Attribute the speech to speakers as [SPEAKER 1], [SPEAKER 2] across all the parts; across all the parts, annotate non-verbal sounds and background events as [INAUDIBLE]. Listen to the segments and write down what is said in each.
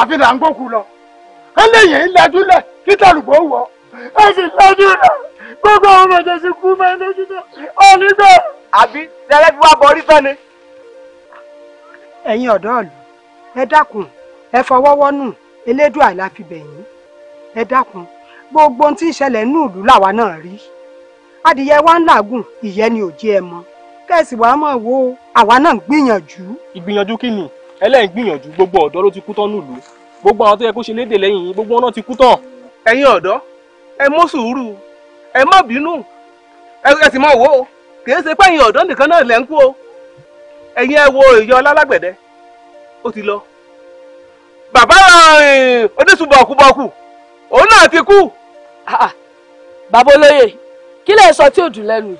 [SPEAKER 1] àfi là ń gbókù lọ eléyìí ń lẹjú lẹ kí tàlùbọ
[SPEAKER 2] wọ ẹ sì lẹjú lẹ gbogbo àwọn ọmọ ìjọsìn kú máa ń lójú náà onígbà.
[SPEAKER 3] àbí lẹ́lẹ́bí wa bọ̀ orí tán ni. ẹ̀yin ọ̀dọ́ ọ̀lù ẹ dákun ẹ fọwọ́wọ́ nù elédùà la fi bẹ̀yìn ẹ dákun gbogbo ohun tí ń ṣẹlẹ̀ ní ìlú làwa náà rí adìyẹ wa ń làágùn ìyẹn ni ò jẹ́ ẹ mọ kẹ́sì wàá mọ̀ wo àwa náà ń gbìyànjú. ìgbìyànjú kí ni ẹlẹ́yìn gbìyànjú
[SPEAKER 1] gbogbo ọ̀dọ́ ló ti kú tán nílùú gbogbo àwọn tó yẹ kó ṣe léde lẹ́yìn yìí gbogbo wọn náà ti kú tán. ẹ̀yin ọ̀dọ́ ẹ mú sùúrù ẹ má bínú ẹ sì mọ wò ó kì í ṣe pé ẹ̀yin ọ̀dọ́ nìkan náà lẹ́ ń kú o ẹ̀yin ẹ wo ìyá ọlálágbẹ̀dẹ ó ti lọ
[SPEAKER 2] bàbá eh, oníṣubọ̀kúbọ̀kú òun náà ti kú. Ah, ah. bàbá olóye kí lè sọ tí ò dùn lẹ́nu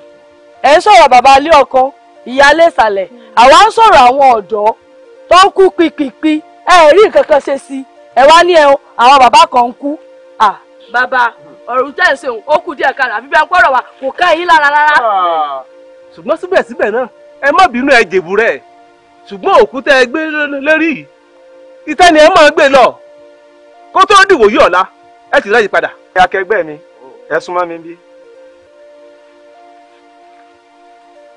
[SPEAKER 2] ẹ̀ ń sọ̀rọ̀ bàbá alẹ́ ọkọ ìyá alẹ́ ìsàlẹ̀ àwa ń sọ̀rọ̀ àwọn ọ̀dọ́ tó ń kú pípípí ẹ rí nǹkan kan ṣe sí ẹ wá ní ẹun àwọn bàbá kan ń kú. bàbá ọ̀rùn tẹ̀ ń ṣe òun ó kù díẹ̀ kan àbí bí ọpọlọ wa kò ká yín lára rárá.
[SPEAKER 1] ṣùgbọ́n síbẹ̀síbẹ̀ náà ẹ má bínú ẹ jèbù rẹ̀ ṣùgbọ́n òkú tẹ́ ẹ gbé lérí yìí ìtẹ́ ni ẹ máa gbé lọ kó tó dìwò yí ọ̀la ẹ ti ráyè padà. ẹ akẹgbẹ́ mi ẹ súnmọ́ mi bí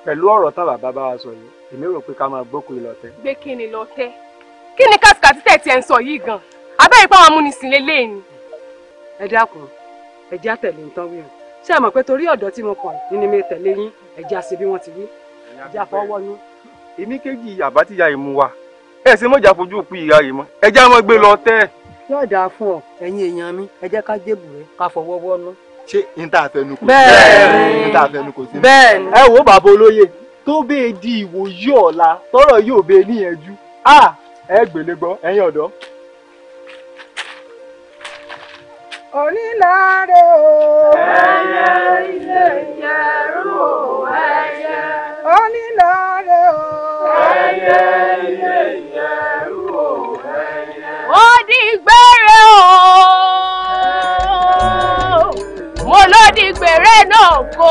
[SPEAKER 1] pẹ̀lú ọ̀rọ̀ tán bàbá bá wa sọ yìí èmi rò pé ká máa gbókùn ìlọ̀tẹ̀.
[SPEAKER 3] gbé kí ni lọ́tẹ̀ kí ni kàtìkàtì tẹ̀ tiẹ̀ ń sọ yìí gan abẹ́rẹ́ ipá wọn múnisìn lélẹ́yìn ni. ẹ dákun
[SPEAKER 2] ẹ já tẹ̀lé ń tọ́wé o ṣé ẹ mọ̀ pé torí ọ̀dọ́ tí mo kàn nínú mi tẹ̀lé yín ẹ já sí bí wọ́n ti wí ẹ já fọwọ́nú.
[SPEAKER 1] èmi kéjì àbá tíya ìmú wa ẹ ṣe mọ̀jà fojú òpin ìyá rẹ̀ mọ́ ẹ já mọ́ gbé lọ tẹ́.
[SPEAKER 2] yóò dáa fún ọ ẹ̀yin èèyàn mi ẹ jẹ́ ká jébù rẹ ká fọwọ́ wọ́nú.
[SPEAKER 1] ṣé n ta àfẹnukò sí
[SPEAKER 2] bẹ́ẹ̀ ni ẹ wò
[SPEAKER 1] tó bẹ́ẹ̀ di ìwòyí ọ̀la tọ́rọ̀ yóò bẹ́ẹ̀ níyànjú à ẹ gbèlè gbọ́ ẹ̀yin ọ̀dọ́.
[SPEAKER 3] onílàárẹ̀ o. ẹyẹ ilé ìjẹ̀rú o ẹyẹ. onílàárẹ̀ o. ẹyẹ
[SPEAKER 2] ilé ìjẹ̀rú
[SPEAKER 3] o ẹyẹ. ó di o
[SPEAKER 2] mo ló di gbére náà
[SPEAKER 3] kó.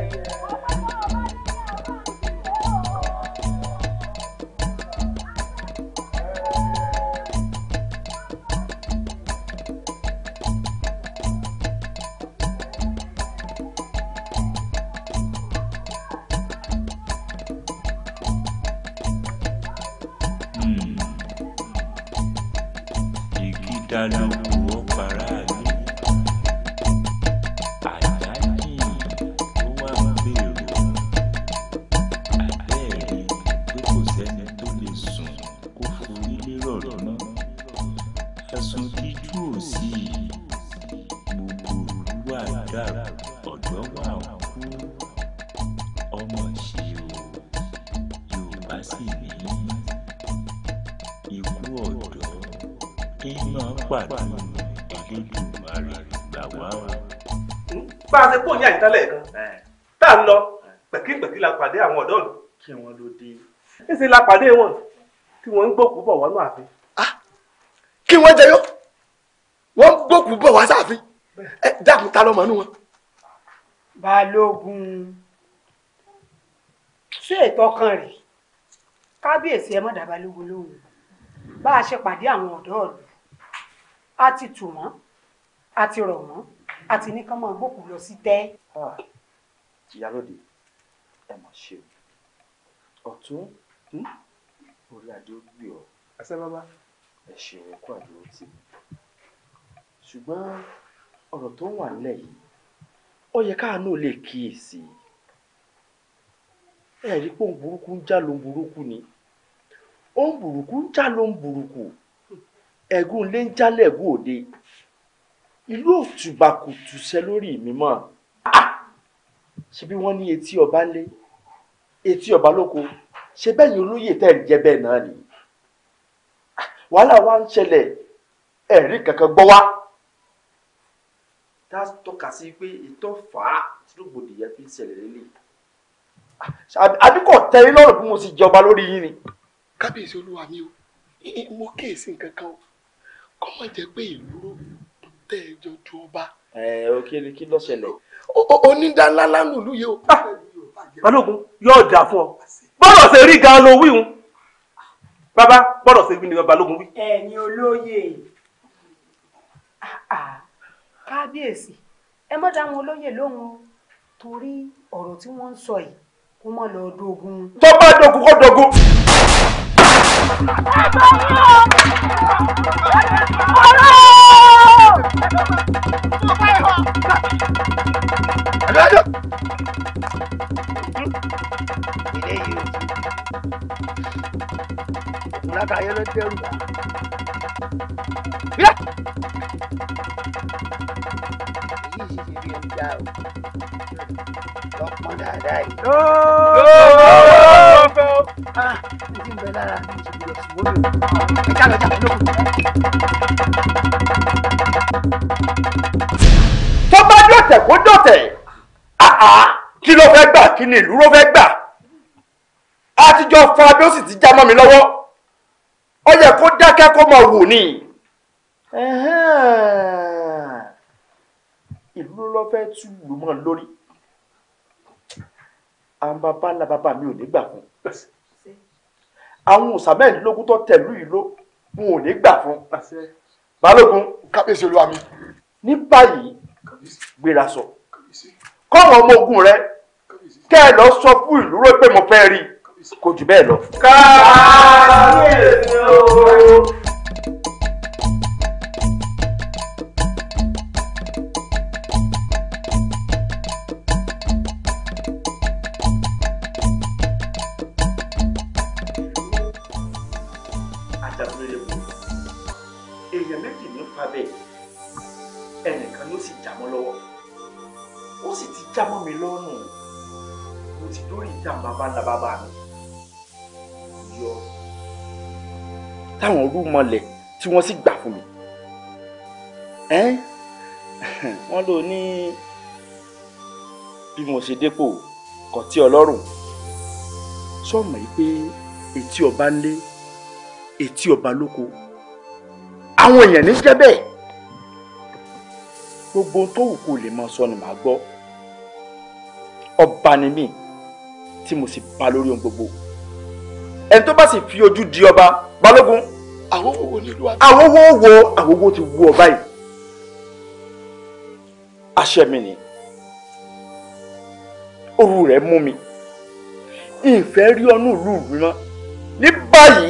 [SPEAKER 1] I know. níṣẹ́ la pàdé wọn tí wọ́n ń gbòkú bọ̀ wọnú ààfin. Ah, kí wọ́n jẹyọ
[SPEAKER 3] wọ́n ń gbòkú bọ̀ wá sáàfin ẹ dákun ta lọ́mọ inú wọn. balógun ṣé ètò ọkàn rẹ̀ kábíyèsí ẹ má dá balógun lóhùn bá a ṣe pàdé àwọn ọ̀dọ́ ọ̀lú a ti tù wọ́n a ti rọ̀ wọ́n a ti ní ká máa gbòkú lọ sí tẹ́. Ah,
[SPEAKER 1] ìyálòdì ẹ mà ṣe ọ̀tún Hmm? orí adé ó gbé ọ àṣàbàbà ẹ ṣeun kó àdúró tì mí ṣùgbọ́n ọ̀rọ̀ tó wà nílẹ̀ yìí ó yẹ káàánú lè kíyèsí ẹ rí pé òun burúkú ń já lóun burúkú ni òun burúkú ń já lóun burúkú ẹ̀gún lé ń jálẹ̀ ẹ̀gún òde ìlú òtùbà kò túṣẹ́ lórí mi mọ́ ah! ṣebí wọ́n ní etí ọba lé etí ọba lóko ṣe bẹ́ẹ̀ ni olóyè tẹ́ ń jẹ́ bẹ́ẹ̀ náà ni wàhálà wa ń ṣẹlẹ̀ ẹ̀rí kankan gbọ́ wá tá a tọ́ka sí pé ìtọ́ fà á rògbòdìyàn fi ń ṣẹlẹ̀ lélẹ̀ àbíkọ̀ tẹ́ yín lọ́rùn bí mo sì jọba lórí yín ni. kábíyèsí olúwa mi o mo kíyèsí nǹkan kan o kọ́ mọ̀ jẹ́ pé ìlú tẹ́ ẹ jọ ju ọba. ẹ ò kí ni kí ló onídàá ńlá ńlá nùlú yìí o. Ah! balógun yóò dáa fún ọ bọ́rọ̀ ṣe rí gan ló wíhun bàbá bọ́rọ̀ ṣe wí ni balógun wí.
[SPEAKER 3] ẹ̀yin olóye ah, ah, kábíyèsí ẹ má dá wọn olóye lóhùn o torí ọ̀rọ̀ tí wọ́n ń sọ yìí kó má lọ dogun. tó bá dogun
[SPEAKER 1] kó dogun. ọ̀rọ̀
[SPEAKER 3] ọ̀rọ̀
[SPEAKER 2] lọ́dọ̀. Ah, tó
[SPEAKER 1] bá dọ̀tẹ̀ kó dọ̀tẹ̀. Ah, ah, kí ló fẹ́ gbà kí ni ìlú ló fẹ́ gbà àtijọ́ fa bí ó sì ti já mọ́ mi lọ́wọ́ ó yẹ kó dákẹ́ kó máa wò ni ìlú ló fẹ́ tú ìlú mọ́ lórí àwọn bàbá ńlá bàbá mi ò ní gbà fún àwọn òòsà mẹ́rìndínlógún tó tẹ̀lú ìlú wọn ò ní gbà fún balógun kábíyèsí olúwa mi ní báyìí gbéra sọ. So kọ́wọ́ ọmọ ogun rẹ kẹ́ ẹ lọ sọ fún ìlú rẹ pé mo fẹ́ rí i kò jù bẹ́ẹ̀ lọ.
[SPEAKER 2] káàárọ̀
[SPEAKER 1] mọlẹ̀ tí wọ́n sì gbà fún mi. [LAUGHS] wọ́n lò ní bí mo ṣe dépò kọ̀tí ọlọ́run sọ̀mọ̀ yìí pé etí ọba ń lé etí ọba lóko àwọn èèyàn ní jẹ́ gbogbo tó wù kó lè máa sọ ni màá gbọ́ ọba ni mí tí mo sì bá lórí ohun gbogbo ẹni tó bá sì fi ojú di ọba balógun àwọn wo ni ìlú àgbà. àwọn wo wo àwọn wo ti wú ọ báyìí. aṣẹ mi ni òru rẹ̀ mú mi ìfẹ́ rí ọnú ìlú mi mọ́ ní báyìí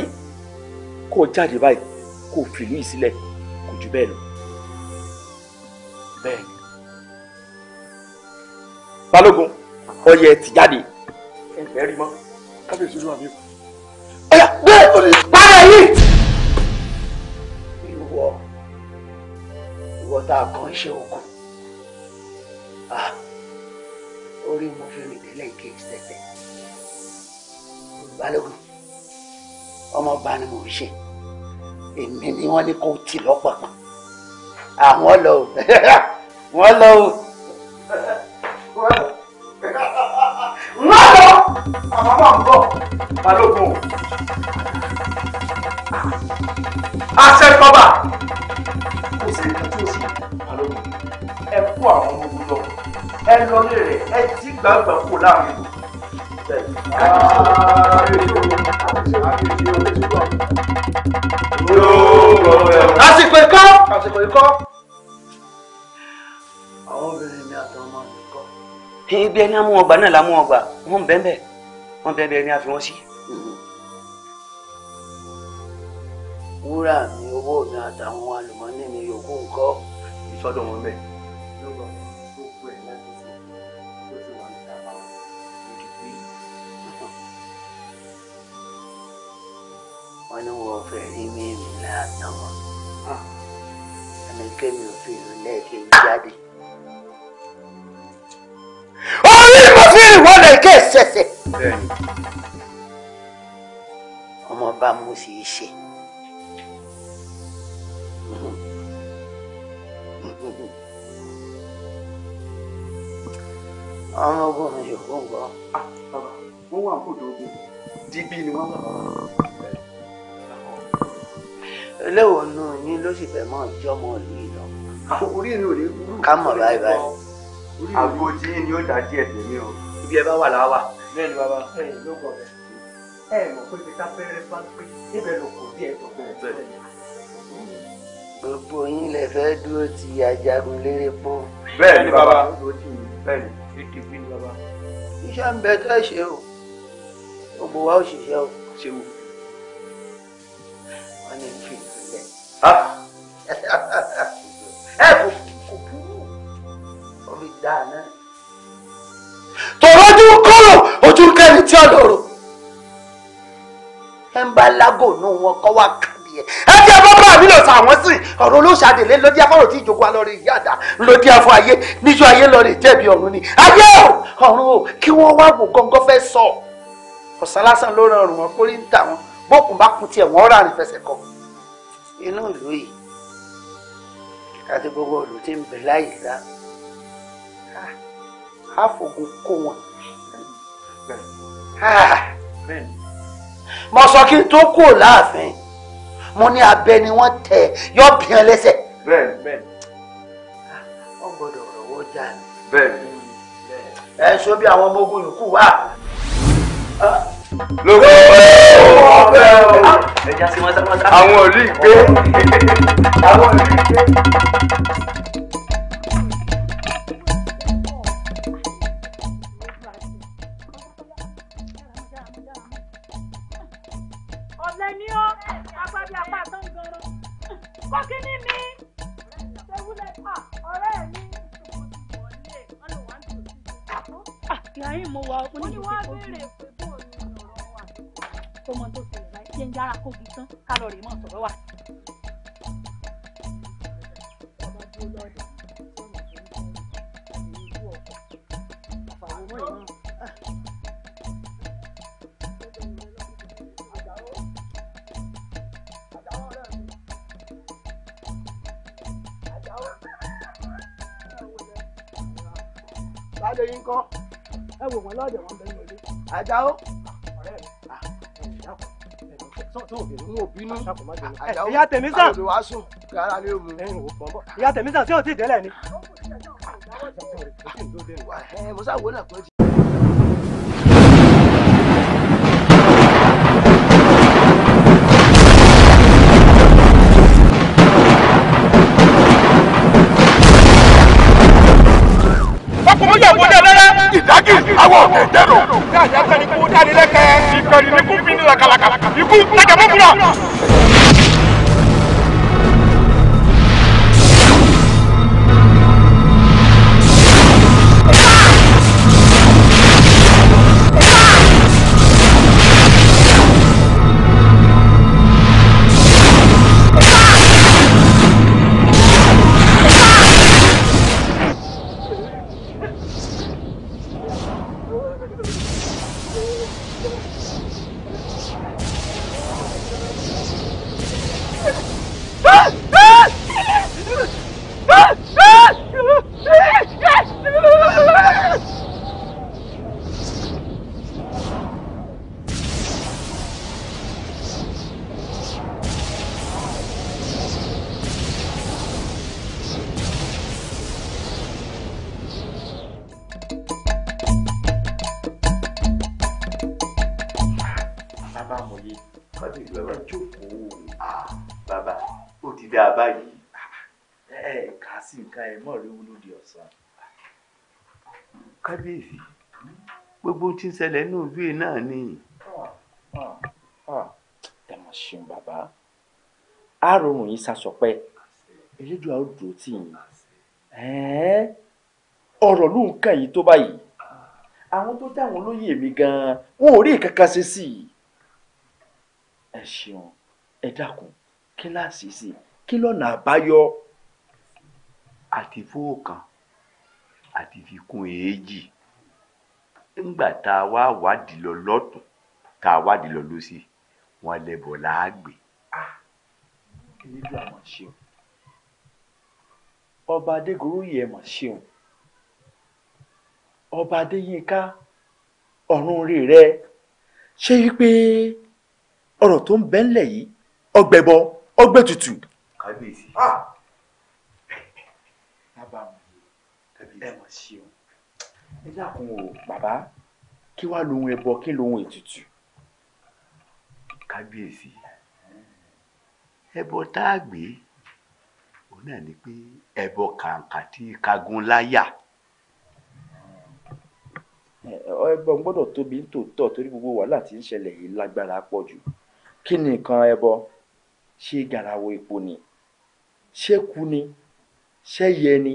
[SPEAKER 1] kó o jáde báyìí kó o fìlú yìí sílẹ̀ kò jù bẹ́ẹ̀ lọ. bẹ́ẹ̀ ni balógun ọyẹ ti jáde ìfẹ́ rí mọ́ kábíyèsí olúwa mi o.
[SPEAKER 2] ọ̀yà bẹ́ẹ̀ ni. padà yìí. àkàn ń ṣe ògùn
[SPEAKER 1] ah, orí mo fi rìn délé ìkejì tẹ̀tẹ̀ balógun ọmọọba ni mò ń ṣe èmi ni wọ́n ní kó tì lọ́pàpọ̀ àwọn lọ o [LAUGHS] wọ́n lọ o. wọ́n lọ
[SPEAKER 2] àwọn máa ń balógun o ah, àṣẹ ìkọba
[SPEAKER 1] kò sí nǹkan tí kó àwọn ọmọ ogun lọ ẹ lọ lé rẹ ẹ jí gbàgbà kó láàrin
[SPEAKER 2] o. lásìkò ikọ́ lásìkò
[SPEAKER 1] ikọ́. àwọn obìnrin mi àtàwọn ọmọ mi kọ́. ibi ẹni amú ọgbà náà la ọgbà wọn ń bẹ́ẹ̀ bẹ́ẹ̀ wọn bẹ́ẹ̀ bẹ́ẹ̀ ni a fi wọ́n sí. wúrà mi owó mi àtàwọn àlùmọ́nì mi yòókù ń kọ́. ìsọdọ̀ wọn bẹ́ẹ̀. wọ́n ní wọ́n fẹ́ rí mímì
[SPEAKER 2] látọmọ ah.
[SPEAKER 1] àmì kémi ò fi ìlú lẹ́ẹ̀kẹ́ jáde.
[SPEAKER 2] orí mo fi ìwọ lẹ́ẹ̀kẹ́ ṣẹ̀ṣẹ̀. ọmọ bá mú í ṣe. ọmọ ogun mi yòókù gbọ́. Ah,
[SPEAKER 1] bàbá wọn wà fòdò ogun díbí ni wọn wà
[SPEAKER 2] eléwọ̀n nù yín ló sì fẹ́ mọ́ ìjọ́mọ
[SPEAKER 1] ìlú ìlọ. orí èmi ò wúrú. ká mọ̀ báyìí báyìí. àgbo tí yín ni ó dá díẹ̀ tèmi o. ibi ẹ bá wà láwà. bẹ́ẹ̀ ni bàbá. ẹ ló gbọ́ bẹ́ẹ̀. ẹ mọ̀ pé ibi tábẹ́rẹ́ bá gbé níbẹ̀ ló kò bí ẹ̀tọ́ bẹ́ẹ̀. gbogbo yín lè fẹ́ dúró ti ajagun lérè pọ́. bẹ́ẹ̀ ni bàbá. iṣẹ́ ń bẹ tẹ́ ṣe o gbogbo wa ó ṣiṣẹ́ o. ṣe wò. wọ́n ní kí n Ah. [LAUGHS] ẹ kò kò burú omi dáa náà. tọ̀rọ̀ ojú kọ́rọ̀ ojú kẹ́rin tí ọlọ́rọ̀ ẹ ń bá lágò nù wọn kọ́ wá kàbí ẹ ẹ jẹ́ bàbá mi lọ sọ àwọn sí ọ̀rọ̀ olóṣàdélé lódì afọ́rọ̀ tí ìjókòó alọ́rẹ̀ ìyá àdá lódì afọ́ ayé níjọ́ ayé lọ́rẹ̀ jẹ̀bi ọ̀run ni ayé o ọ̀run o kí wọ́n wá wò gángan fẹ́ sọ ọ̀sán lásán ló rọrùn wọn kórìí ń tà wọn bókun bá kun tiẹ̀ wọ́n rà rìn kọ́ inú ìlú yìí àti gbogbo ìlú tí ń bẹ láyìí ká á fògùn kó wọn. mo sọ kí n tó kú láàfin mo ní abẹ ni wọ́n tẹ yọ bìyàn lẹ́sẹ̀. wọ́n gbọ́dọ̀ rọwọ́ jà mí. ẹ sọ bí àwọn ọmọ ogun yòókù wà lóko ọ̀fẹ́ o àwọn òlú ìgbé àwọn òlú ìgbé.
[SPEAKER 3] ọ̀lẹ́ ni ó
[SPEAKER 2] kó mọ tó ṣẹlẹ̀ ń yára kógun tán ká lọ rèé wà.
[SPEAKER 1] Lájọ Ẹ wò wọ́n lọ́jọ̀ wọn bẹ́ẹ̀ lórí. Àjàó ìyá tèmísà
[SPEAKER 2] ìyá tèmísà tí o ti délẹ̀ ni. musa wo náà pé. ọkùnrin yà wọlé rẹ.
[SPEAKER 1] ìdákì àwọn ní àyàfẹ́ ni ni kò fi lakalaka
[SPEAKER 3] ikú ẹ̀jẹ̀ mú fúnra.
[SPEAKER 1] kábíyèsí gbogbo tí ń ṣẹlẹ̀ ní ojú ẹ̀ náà ni. ẹ mà ṣeun bàbá a rọrùn yín sasọpẹ elédùn àwọn dùn tì yín ọ̀rọ̀ ló ń kàn yín tó báyìí àwọn tó dáwọn olóyè mi gan-an wọn ò rí kankan ṣe sí i ẹ ṣeun ẹ dákun kí láàṣì sí i kí lọ́nà àbáyọ. àti kan àti fi E ńgbà tá a wá wádìí lọ lọ́tún tá a wádìí lọ lọ́sì wọn lẹ́bọ̀ láàgbé. elédùà ah, mọ̀ ṣe o ọba adégoróyè ẹ̀ mọ̀ ṣe o ọba adéyínká ọ̀run orí rẹ ṣé wípé ọ̀rọ̀ tó ń bẹ ńlẹ̀ yìí ọgbẹ̀bọ ọgbẹ̀tutù. Ah! [LAUGHS] kábíyèsí. ẹ mọ̀ ṣe o ẹ dákun o bàbá kí wàá lohun ẹbọ kí lohun ètùtù kábíyèsí ẹbọ tá a gbé òun náà ni pé ẹbọ kàǹkà tí kagun láyà ẹbọ gbọ́dọ̀ tóbi nítòótọ́ torí gbogbo wàhálà tí ń ṣẹlẹ̀ yìí lágbára pọ̀ jù kí ni nǹkan ẹbọ ṣé garawo epo ni ṣé ku ni ṣé yẹ ni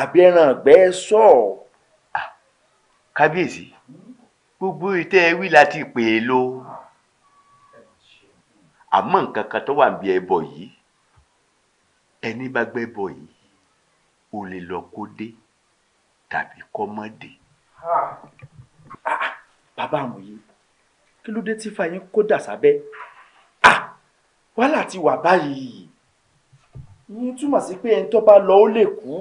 [SPEAKER 1] àbẹ̀ràn gbẹ́ sọ̀ọ́ kábíyèsí gbogbo ìtẹ́ ẹ wí láti pè é lọ àmọ́ nǹkan kan tó wà ń bí ẹbọ yìí ẹni bá gbẹ́bọ yìí ó lè lọ kó dé tàbí kọ́ mọ́ dé. Ah, bàbá àwọn yìí kí ló dé tí fàyín kó dà sábẹ́ ah, wàhálà ti wà báyìí ń túmọ̀ sí pé ẹni tó bá lọ ó lè kú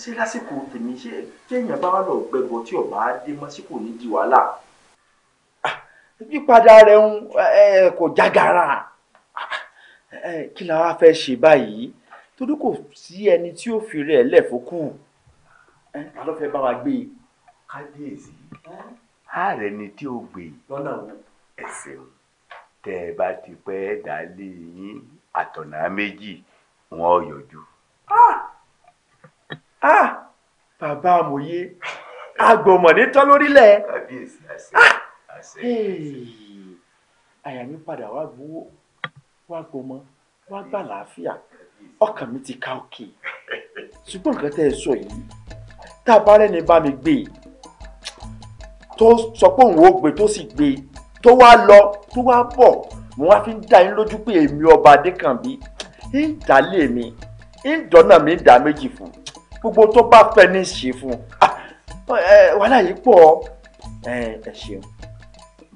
[SPEAKER 1] ṣé lásìkò tèmi ṣé kéèyàn bá wà lọ gbẹbọ tí ọba dé mọ sí kò ní di wàhálà. pípadà ah, rẹ̀ ń kò jágara ah, kí la wá fẹ́ ṣe báyìí torí kò sí ẹni tí ó fi rẹ̀ lẹ́fọ́kù ta ló fẹ́ bá wa gbé e. kábíyèsí ààrẹ ni tí ó gbé lọ́nà ẹ̀sẹ̀ tẹ́ ẹ bá ti pẹ́ dálé yín àtọ̀nà méjì wọn ò yọjú. Ah! ah bàbá amòye agbọ̀mọ̀ ní tán lórílẹ̀ ah àyà mi padà wá gbowó wá gbọmọ wá gbà láàfíà ọkàn mi ti ka òkè ṣùgbọ́n nǹkan tẹ́ ẹ sọ yìí tá a bá rẹ́ni bá mi gbé e tó sọ pé òun ò gbé tó sì gbé e tó wá lọ tó wá bọ̀ mo wá fi ń dá yín lójú pé èmi ọba adékànbí ń dálé mi ń dọ́nà mi ń dá méjì fún un gbogbo tó bá fẹ́ ní ṣe fún un ah, wàhálà yìí pọ̀ ẹ ṣeun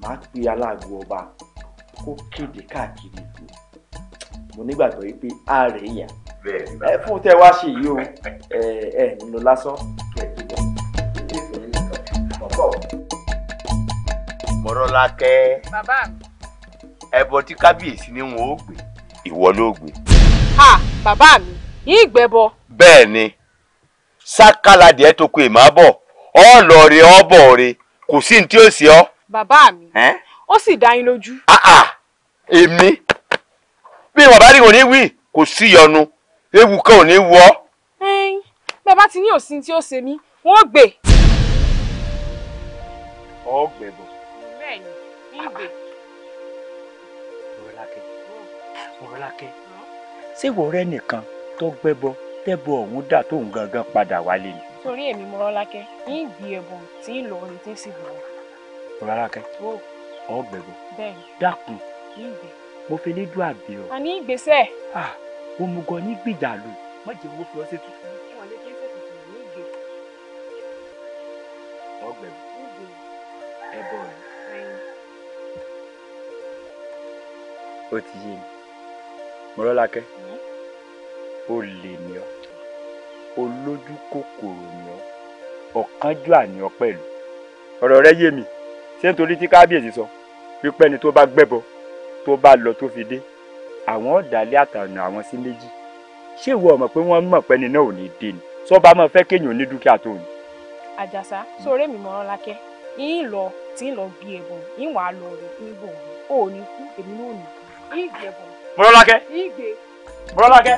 [SPEAKER 1] màá pe aláàgbo ọba kó kéde káàkiri ìlú mo nígbàgbọ́ yìí pé a rè é yàn ẹ fún tẹ wá ṣe yìí o ẹ ẹ nílò lásán kẹ ẹ dìbò. mọ̀rọ́lákẹ́. bàbá mi. ẹbọ tí kábíyèsí ni wọn ò gbé ìwọ ló gbé.
[SPEAKER 3] ha bàbá mi yín ìgbẹ́bọ.
[SPEAKER 1] bẹ́ẹ̀ ni sákàlàdì ẹ tó kó èèmà bọ̀ ọ lọ rẹ ọ bọ̀ rẹ kò sí ní tí ó sì ọ.
[SPEAKER 3] bàbá mi ó sì dá yín lójú. Ah, ah,
[SPEAKER 1] èmi bí wọn bá rí òní wí kò sí yọnu ewu kan ò ní wọ.
[SPEAKER 3] bẹ́ẹ̀ bá ti ní òsín tí ó ṣe mí wọ́n gbè.
[SPEAKER 1] ọ gbẹ bọ. bẹ́ẹ̀ni ń gbè.
[SPEAKER 2] mọ̀rẹ́lákẹ́ mọ̀rẹ́lákẹ́
[SPEAKER 3] ṣé
[SPEAKER 1] ìwọ rẹ nìkan tó gbẹ bọ́ tẹ́bọ ọ̀hún dà tóun gangan padà wálé ni.
[SPEAKER 3] torí èmi mo rọ́lákẹ́ yín gbé ẹ̀bùn tí ń lọ orin tí ń sì bọ̀.
[SPEAKER 1] rọ́lákẹ́ ọ gbẹ̀bọ̀ dákun mo fi lédu àgbè ọ.
[SPEAKER 3] àní ìgbésẹ̀.
[SPEAKER 1] òmùgọ̀ ní gbìjà lò
[SPEAKER 3] má jẹ́ owó fi ọ́ sí tuntun. ọ gbẹ̀bọ̀ ẹ̀bọ̀ rẹ̀.
[SPEAKER 1] ó ti yé mi mo rọ́lákẹ́ hmm? ó lè ní ọ olójú kòkòrò ni ọ ọ̀kánjú àníọ́ pẹ̀lú ọ̀rọ̀ rẹ yé mi ṣé nítorí tí kábíyèsí sọ wípé ẹni tó bá gbẹ́bọ tó bá lọ tó fi dé àwọn ọ̀dàlẹ̀ àtàwọn àwọn sí méjì ṣé ìwọ ọmọ pé wọ́n mọ̀ pé ẹni náà ò ní dé ni sọba máa fẹ́ kéèyàn ní dúkìá tó ní.
[SPEAKER 3] àjàsá sọ̀rọ̀ mi mọ̀ràn lákẹ́ yín lọ tí ń lọ bí ẹ̀bùn yín wàá lọ rẹ̀ fún ibò ò kú èmi náà ò ní kú yín lákẹ́ mọ̀ràn lákẹ́.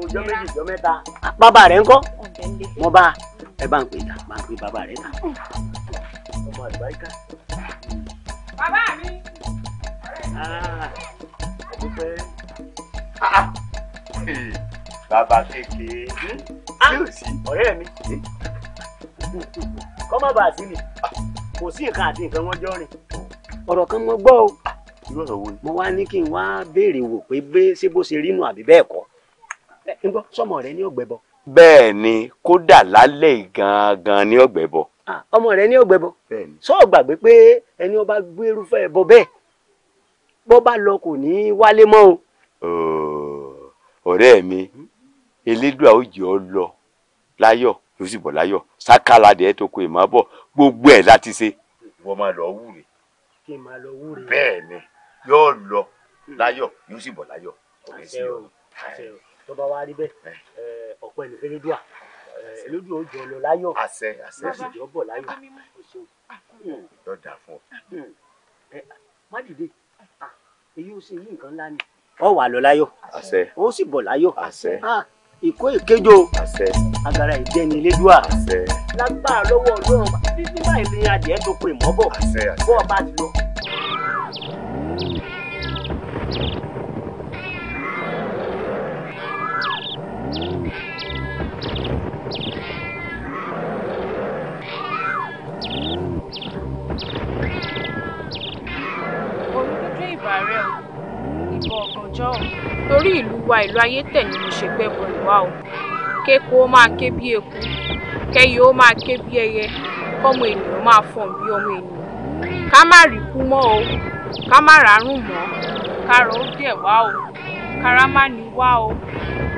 [SPEAKER 2] ọjọ́ méjì ọjọ́ mẹ́ta bàbá rẹ̀ ńkọ́ mo bá ẹ bá ń pè ta bá
[SPEAKER 1] ń pè bàbá rẹ̀ ta ọmọ àlùbáríkà. bàbá mi. ọdúpẹ́. Ah, bàbá kékeré yóò ah, sí ọ̀rẹ́ mi kọ́ má bàa sí mi kò sí nǹkan àti nǹkan wọ́n jọ rìn ọ̀rọ̀ kan mo gbọ́ o mo wá ní kí n wá béèrè wò pé bẹ́ẹ̀ ṣé bó ṣe rí nù àbí bẹ́ẹ̀ kọ́ ń gbọ́ sọmọ rẹ ní ọ̀gbẹ́bọ. bẹ́ẹ̀ ni kódà lálẹ́ gangan ní ọ̀gbẹ́bọ. ọmọ rẹ ní ọ̀gbẹ́bọ sọ gbàgbé pé ẹni ọba gbé irúfẹ́ ẹbọ bẹ́ẹ̀ bó bá lọ kò ní í wálé mọ́ o. ọ̀rẹ́ mi elédùà ó jẹ́ ọ lọ láyọ̀ yóò sì bọ̀ láyọ̀ sákàládé ẹ̀ tó kó ìmọ̀ bọ̀ gbogbo ẹ̀ láti ṣe. wọ́n máa lọ wúre. kí n máa lọ wúre. bẹ́ẹ̀ ni yóò lọ láyọ̀ yóò sì bọ̀ láyọ̀. àṣẹ o àṣẹ o tó bá wá rí bẹ́ẹ̀ eh. Eh, ọ̀pọ̀ ẹni fẹ́rẹ́ dùà elódùn eh, ó jọ lọ láyọ̀ àṣẹ àṣẹ ó sì jọ bọ̀ láyọ̀ yóò dà fún ọ. má
[SPEAKER 2] dìde ah, èyí ó ṣe yí nǹkan ńlá ni.
[SPEAKER 1] ọ wà lọ láyọ̀ àṣẹ ó sì bọ̀ láyọ̀ àṣẹ ah, ìkó ìkéjò àṣẹ agara ìjẹni elédùà àṣẹ lágbára lọ́wọ́ Ọlọ́run bíbí báyìí ni adìẹ tó pè mọ́ bọ̀ bọ́ ọ bá ti lọ.
[SPEAKER 3] torí ìlú wa ìlú ayétẹ̀ ni mo ṣe gbẹ́bọ̀n ìwà o kéko ó máa ké bí eku kẹyẹ ó máa ké bí ẹyẹ kọ́mọ ènìyàn máa fọ̀n bí ọmọ ènìyàn ká má rí kú mọ́ o ká má rárùn mọ́ kárọ̀ ó dẹ̀ wá o kára má ní wá o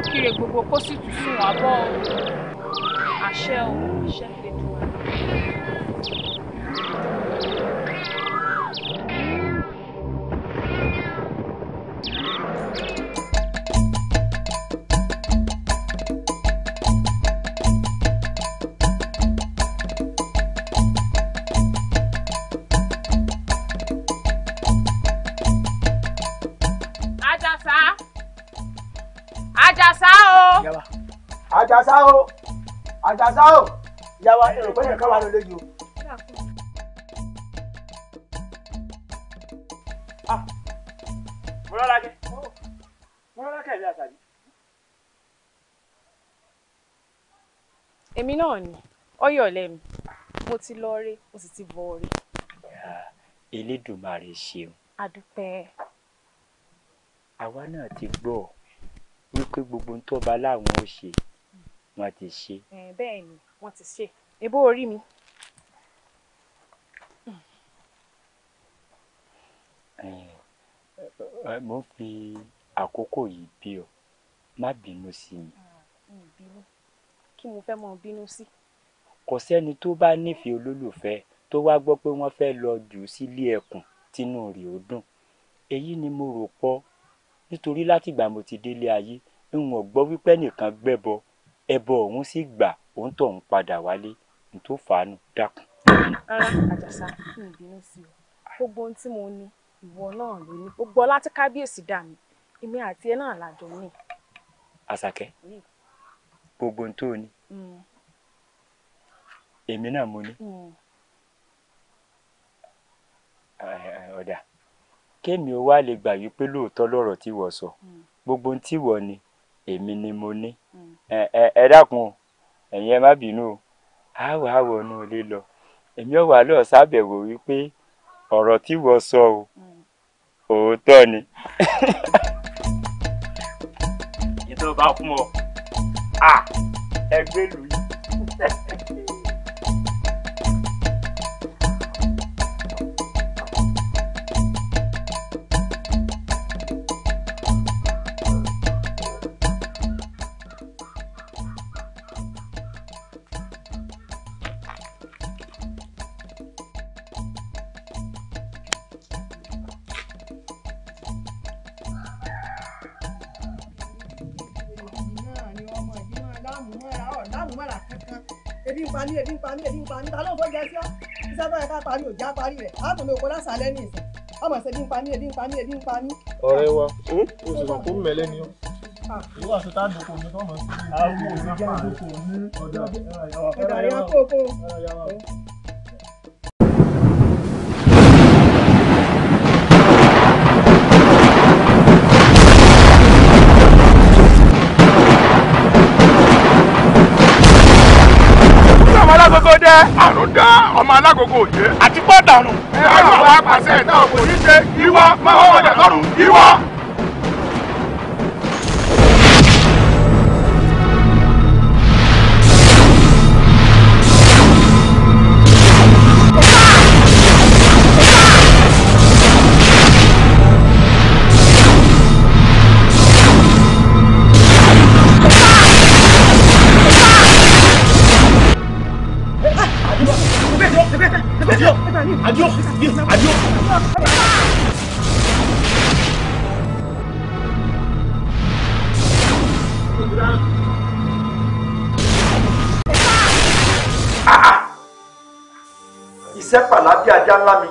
[SPEAKER 3] kíre gbogbo kó sì tún sùn wá bọ́ o àṣẹ o àṣẹ fẹ́ẹ́ dùn
[SPEAKER 1] àjàsá o àjàsá o ìyá wa èrò pé nìkan wà lóde jù. Ah. mo rọra kẹ mo rọra kẹ mi àtàlí.
[SPEAKER 3] èmi náà ni ọyọ lẹmi mo ti lọ rí mo sì ti bọ rí.
[SPEAKER 1] elédùnmarè ṣeun.
[SPEAKER 3] adúpẹ́.
[SPEAKER 1] àwa náà ti gbọ́ wípé gbogbo ń tọ́ba láwọn ò ṣe wọ́n ti ṣe.
[SPEAKER 3] bẹ́ẹ̀ ni wọ́n ti ṣe ebó orí mi.
[SPEAKER 1] mo fi àkókò yìí bí ọ má bínú sí mi. Ah,
[SPEAKER 3] kí mo fẹ́ mọ bínú sí.
[SPEAKER 1] kò sẹ́ni tó bá nífẹ̀ẹ́ olólùfẹ́ tó wá gbọ́ pé wọ́n fẹ́ lọ jù ú sílé ẹkùn tínú rẹ̀ ó dùn èyí ni mo rò pọ̀ nítorí látìgbà mo ti délé ayé n ò gbọ́ wípé nìkan gbẹ́bọ ẹbọ òun sì gbà òun tó òun padà wálé n tó fàánù dákun.
[SPEAKER 3] rárá àjàsá mi ìbínú sí o gbogbo ohun tí mo ní ìwọ náà ló ní gbogbo ọlá tí kábíyèsí dà mí èmi àti ẹ náà làjọ ní.
[SPEAKER 1] àṣàkẹ́ gbogbo ohun tó o ní mm. èmi náà mo ní mm. ọ̀dà kémi ó wá lè gbà wípé lóòótọ́ lọ̀rọ̀ tí wọ́n sọ mm. gbogbo ohun tí wọ́n ní èmi ni mo ní hmm. ẹ dákun o ẹ̀yin ẹ má bínú o a wà á wọnú ilé lọ èmi ò wá lọ sábẹ̀wò wípé ọ̀rọ̀ tí wọ́n sọ o hmm. òótọ́ ni. ìtọ́ bá kú mọ́ ẹgbẹ́ lù yìí. [LAUGHS]
[SPEAKER 3] lámùmọ́ra ọ̀ lámùmọ́ra kankan ebi ń pa mí ebi ń pa mí ebi ń pa mí ta ló ń bọ́ gẹ̀ẹ́sì ọ́ iṣẹ́ tó yẹ ká parí òjá parí rẹ̀ àbùnú òkú lásàlẹ̀ ní ìsìn ọmọ ṣe bí ń pa mí ebi ń pa mí ebi ń pa mí.
[SPEAKER 1] ọ̀rẹ́ wa o sì rò kó mẹlẹ ni o. ìwọ àti táàdì kò ní
[SPEAKER 3] tọ́mọ̀ sí i. àwọn òṣèlú àdókò ní ọjà ẹ̀rọ ìyàwó. ẹ̀rọ
[SPEAKER 1] jẹ́ ọmọ alágogo òjé. àti pọ́ọ̀dà nù. ẹ àpàṣẹ ṣe
[SPEAKER 2] ìwọ máa wọ́n lọ́rùn ìwọ.
[SPEAKER 1] ajá ńlá mi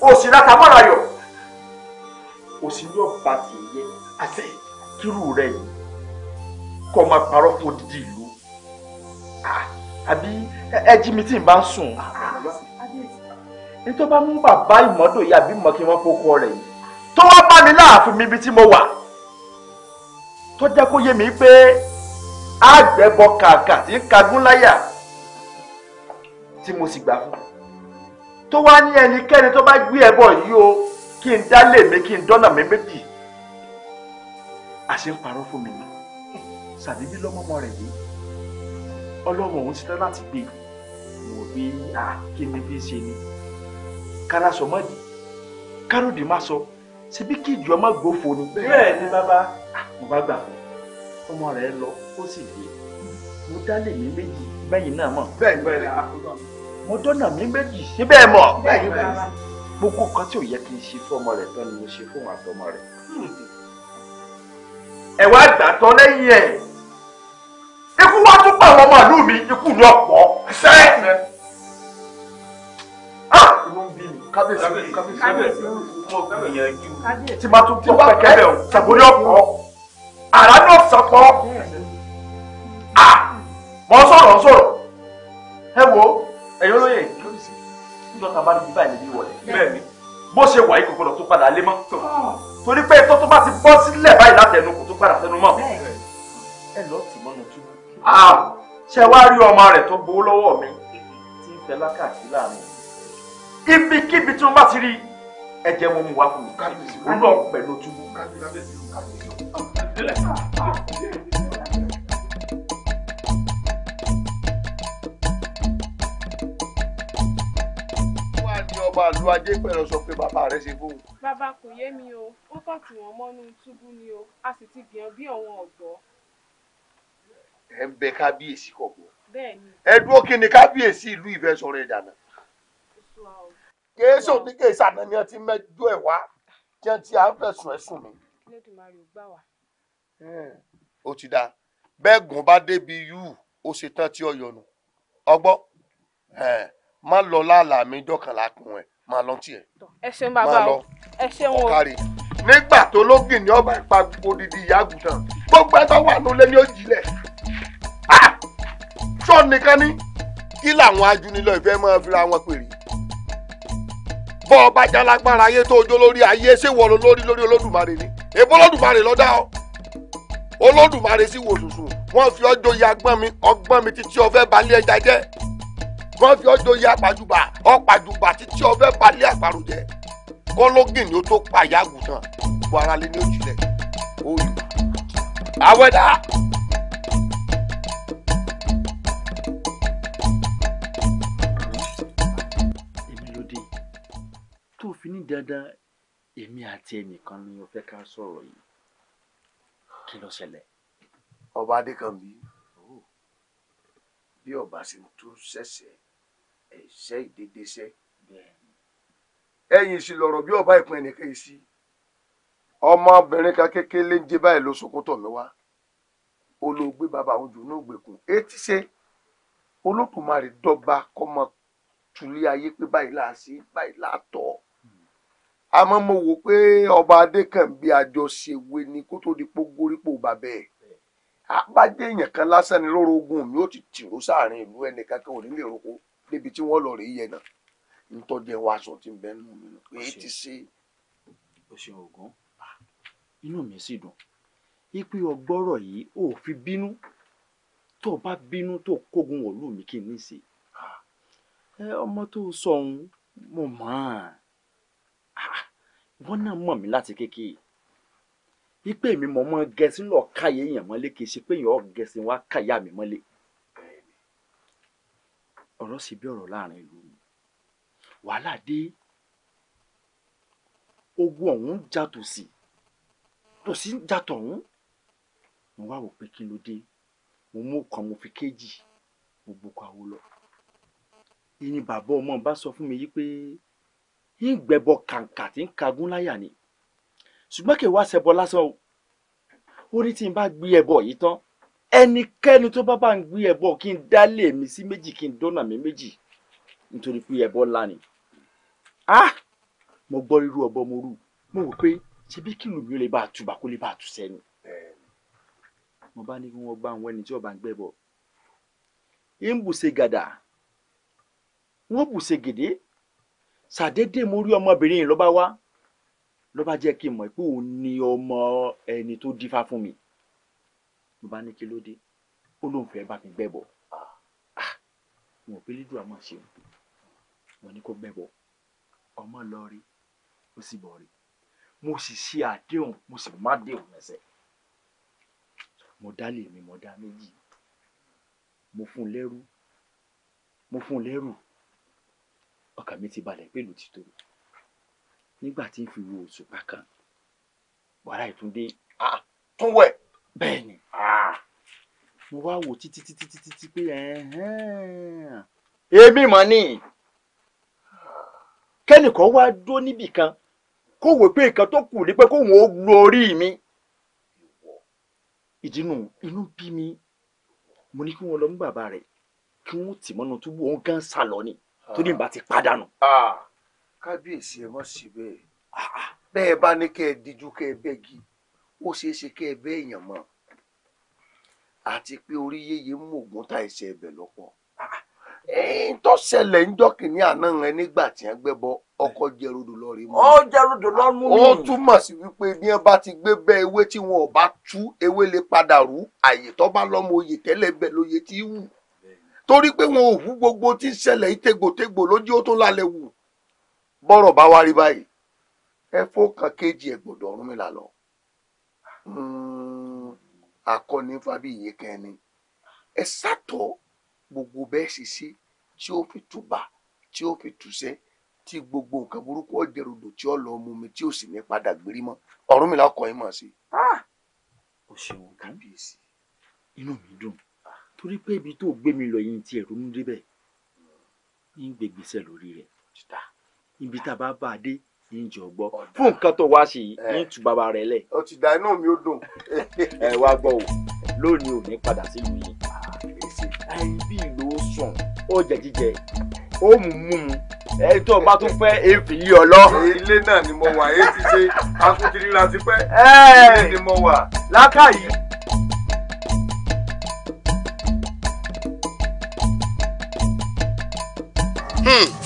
[SPEAKER 1] o sì ra tamọ́ra yọ o sì ní ọ̀pá tì í yẹ àti kírù rẹ yìí kọ́ máa parọ́ fún odidi ìlú àbí ẹ jí mi tí n bá ń sùn nítorí bá mú bàbá ìmọ́dò yìí àbí mọ́ kí wọ́n fọkọ rẹ̀ yìí tó wá bá mi láàfin mi ibi tí mo wà tó jẹ́ kó yé mi pé àgbẹ̀bọ kàkà tí ń kagún láyà tí mo sì gbà fún un tó wá ní ẹnikẹ́ni tó bá gbé ẹbọ yìí o kí n dá lè mi kí n dọ́nà mi méjì àṣẹ ń parọ́ fún mi ni sàdébí lọ́mọ́mọ rẹ̀ yìí ọlọ́run òun ti tán láti gbé mo rí àkíní bí ṣe ni kára sọ mọ́ di káròdì má sọ síbí kí ìjọ má gbófo ni. bẹ́ẹ̀ ni bàbá mo bá gbà fún ọmọ rẹ̀ lọ ó sì dé mo dá lè méjì bẹ́yìn náà mọ̀. bẹ́ẹ̀ bẹ́ẹ̀ ni àkókò mi mo tó nà mí méjì síbẹ̀ mọ̀ gbogbo kan tí ò yẹ kí n ṣe fún ọmọ rẹ̀ tán ni mo ṣe fún àtọmọ rẹ̀ hmm. ẹ wá gbà tán lẹ́yìn ẹ̀ ikú wá tún pa àwọn ọmọ ìlú mi ikú ni ọ̀pọ̀ ṣẹ́ ah! kábíyèsí kábíyèsí tí máa tún gbọ́ pẹ́kẹ́ bẹ́ẹ̀ o ṣàbórí ọ̀pọ̀ àrà náà sọ̀pọ̀ ah! mọ́ sọ̀rọ̀ sọ̀rọ̀ ẹ wo ẹ̀yin olóyè níjọta bá níbi báyìí níbi ìwọlẹ̀ bẹ́ẹ̀ni bó ṣe wà yìí kò gbọdọ̀ tó padà lé mọ́ torí pé tó tó bá ti bọ́ sílẹ̀ báyìí látẹnu kò tó padà tẹnu mọ́ ẹ lọ tì mọ́nu tú. ṣé wàá rí ọmọ rẹ̀ tó gbowó lọ́wọ́ mi tí ń fẹ́ lákàtí láàrin ibikíbi tí wọ́n bá ti rí ẹ̀jẹ̀ wọn mú wá fún mi ó lọ pẹ̀lú túbú. ní ọba àlú ajé pẹ̀lú sọ pé bàbá rẹ̀
[SPEAKER 3] ṣe fóun. bàbá kò yé mi o ó kàn tì wọ́n mọ́nú túbú ni o a sì ti gbìyàn bí àwọn ọ̀gbọ́.
[SPEAKER 1] ẹ ń bẹ kábíyèsí kọ̀ọ̀bọ̀. bẹ́ẹ̀ni. ẹ dúró kí ni kábíyèsí ìlú ìfẹ́ sọ̀rọ̀ ìdànà. kéésì òní kéésì àná ni wọ́n ti mẹ́jọ ẹ̀ wá tí ti à ń fẹ̀sùn ẹ̀sùn mi. o hmm, ti dáa bẹ́ẹ̀ gùn bá débi yú ó ṣetán tí ọ yọnu ọgbọ́n hmm má lọ láàlà mi dọ́kànlá kun ẹ̀ máa lọ tiẹ̀.
[SPEAKER 3] ẹ ṣeun bàbá o ẹ ṣeun o. ọ̀kárí
[SPEAKER 1] nígbà tó lógin ní ọba ìpa odidi ìyá àgùntàn gbogbo ẹgbẹ́ wà lólé ní òjìlẹ̀ ṣọ́ọ̀ nìkan ní kí làwọn ajúnilọ ìfẹ́ máa fira wọn pèrè bọ́ ọba jalagbára ayé tó ojó lórí ayé ṣé wọ́n lọ lórí lórí olódùmarè ni èbó olódùmarè ló dá ọ olódùmarè sì wò sùsù wọ́n fi ọjọ́ ya gbọ́n mi ọgbọ́n mi títí ọfẹ́ balẹ̀ ẹja jẹ́ kọ́ fi ọjọ́ yá pàjùbà ọ̀pàjùbà títí ọbẹ̀ balẹ̀ àparò jẹ kọ́ ló gbìn tó pa ìyá àgùntàn gbogbo ara lé ní òjìlẹ̀ òòlù àwẹ̀dá. èmi ló dé tó fi ní dandan èmi àti ẹnìkan ni o fẹ́ ká sọ̀rọ̀ yìí kí ló ṣẹlẹ̀. ọba adékanbí bí ọba sì tún ṣẹ̀ṣẹ̀ ẹ̀ṣẹ́ ìdédéṣẹ́ ẹ̀yìn ìṣìlẹ̀ ọ̀rọ̀ bí ọba ìpín ẹnìkan yìí sí ọmọbìnrin kan kékeré ń jẹ báyìí ló sokoto mi wá olóògbé bàbá àwọn jù náà gbèkùn etí ṣe olódùmarè dọ́gba kọ́mọ tulé ayé pé báyìí là á sí báyìí là á tọ́ àmọ́ mo wò pé ọba adékànbí àjọṣèwé ni kó tó di pógórípò bàbá ẹ̀ àbájẹ́ èèyàn kan lásán ni lóró ogun mi ó ti tìró sáàrin ìlú ẹnìkan kan ò ní lè roko débi tí wọ́n lọ rèé yẹn náà nítorí ẹ̀ wá aṣọ tí ń bẹ́ nù mí nù pé ti ṣe. o ṣeun ògún inú mi sì dùn ipe ọgbọ́rọ̀ yìí ò fi bínú tó o bá bínú tó o kógun wọ̀lú mi kí n ní sí i ọmọ tó o sọ ohun mo mọ̀ ọ́n ah, wọ́n náà mọ̀ mí láti kékeré ipe mi mọ̀ mọ́ gẹ̀ẹ́sì lọ́ọ́ káyé èèyàn mọ́lé kì í ṣe pé èèyàn ọ̀ gẹ̀ẹ́sì káyà mi mọ́lé ọ̀rọ̀ sì bí ọ̀rọ̀ láàrin ìlú wàhálà dé ogun ọ̀hún já tòsí tòsí já tọ̀hún mo wá wò pé kí ló dé mo mú kan mo fi kéjì mo boko àwo lọ ìní bàbá ọmọ bá sọ fún mi yí pé ń gbẹbọ kàǹkà tí ń kagún láyà ni ṣùgbọ́n kí n wá ṣẹbọ lásán o ó ní tí n bá gbé ẹbọ yìí tán ẹnikẹ́ni tó bá bá ń gbé ẹbọ kí n dálé mi sí méjì kí n dọ́nà mi méjì nítorí pé ẹbọ ńlá ni ah mo gbọ́ irú ọbọ mo rú mo wò pé ṣe bí kìlù mi ò lè bá a tùbà kó lè bá a tù sẹ́nu mo bá ní kí wọ́n gbá àwọn ẹni tí ọba ń gbẹ́ bọ̀ ń bùṣe gàdà wọ́n bùṣe gèdè ṣàdédé mo rí ọmọbìnrin ló bá wá ló bá jẹ́ kí n mọ̀ pé òun ni ọmọ ẹni tó dífá fún mi mo bá ní kí ló dé ó lóun fẹ́ bá mi gbẹ́bọ̀ wọn ah, ah, ò pé lídùú àmọ́ ṣe wọn ní kó gbẹ́bọ̀ ọmọ lọ rí ó sì bọ̀ rí mo sì ṣe àdéhùn mo sì má déhùn ẹsẹ̀ mo dá lè mi mo dá méjì mo fún un lẹ́rú mo fún un lẹ́rù ọkàn mi ti balẹ̀ pẹ̀lú títò nígbà tí n fi wo òṣùpá kan wàhálà ìtúndé tún ah, bẹ́ẹ̀ ni Ah. mo wá wò títí títí títí tí pé èmi mọ̀ ni kẹ́nìkan wá dúró níbì kan kó wò pé nǹkan tó kù ni pé kóun ó lu orí mi ìdínú inú bí mi mo ní kí wọ́n lọ mú bàbá rẹ̀ kí wọ́n tì mọ́nú túbú òun gan sá lọ ni torí ìbá ah. ti pàdánù. Ah. kábíyèsí ẹ mọ̀ sí bẹ́ẹ̀ bẹ́ẹ̀ bá ní kẹ́ ẹ díjú kẹ́ ẹ bẹ́ẹ̀ gi ó ṣeé ṣe kẹ́ ẹ bẹ́ẹ̀ yàn mọ́ àti pé orí yéye mú ògùn ta ẹsẹ̀ ẹbẹ̀ lọ́pọ̀ ah, tó ṣẹlẹ̀ ń jọ́ kìíní àná rẹ nígbà tí wọ́n gbé bọ ọkọ̀ jẹrodò lọ́ọ̀rì mú. ó jẹrodò lọ́ọ̀mú mi. ó túmọ̀ sí wípé bí wọ́n bá ti gbé bẹ́ ewé tí wọn ò bá tú ewé lè padà rú àyè tó bá lọ́mọ oyè tẹ́lẹ̀ bẹ́ẹ̀ lóye tí wù. torí pé wọn ò hú gbogbo tí ń ṣẹlẹ̀ yìí tegbòtegbò lójú ó tó lálẹ́ wù. bọ́rọ̀ bá wá rí báyìí ẹ fó kan kéjì ẹ̀gbọ̀dọ̀ Ọ̀rúnmìlà lọ. Mm akọni fábíyé kan ni ẹ sàtọ gbogbo bẹ́ẹ̀ ṣe ṣe tí ó fi túbà tí ó fi túṣẹ tí gbogbo nǹkan burúkú ọjẹrùdò tí ó lọ mú mi tí ó sì ní padà gbérí mọ ọrùn mi lọkọ yín mọ sí. o ah! ṣeun kábíyèsí inú mi dùn torí pé ibi tó gbé mi lọ yìí ti ẹ̀rọ débẹ̀ ní gbègbèsẹ̀ lórí rẹ̀ ibi tá a bá bá a dé ń jẹ ọgbọ fún nǹkan tó wá sí i ní tu bàbá rẹ lẹ. ó ti dá inú mi ó dùn. ẹ wá gbọ́ o lónìí ò ní padà sí ìlú yìí. àìbí ah, ìlú ó sàn ó jẹ jíjẹ ó mú mú mu ẹni tó o bá tún fẹ́ èéfì yí ọ lọ. ilé náà ni mo wà èyí ti ṣe akúndínlẹ́ láti pẹ́ ilé ni mo wà. lákàyè. Hmm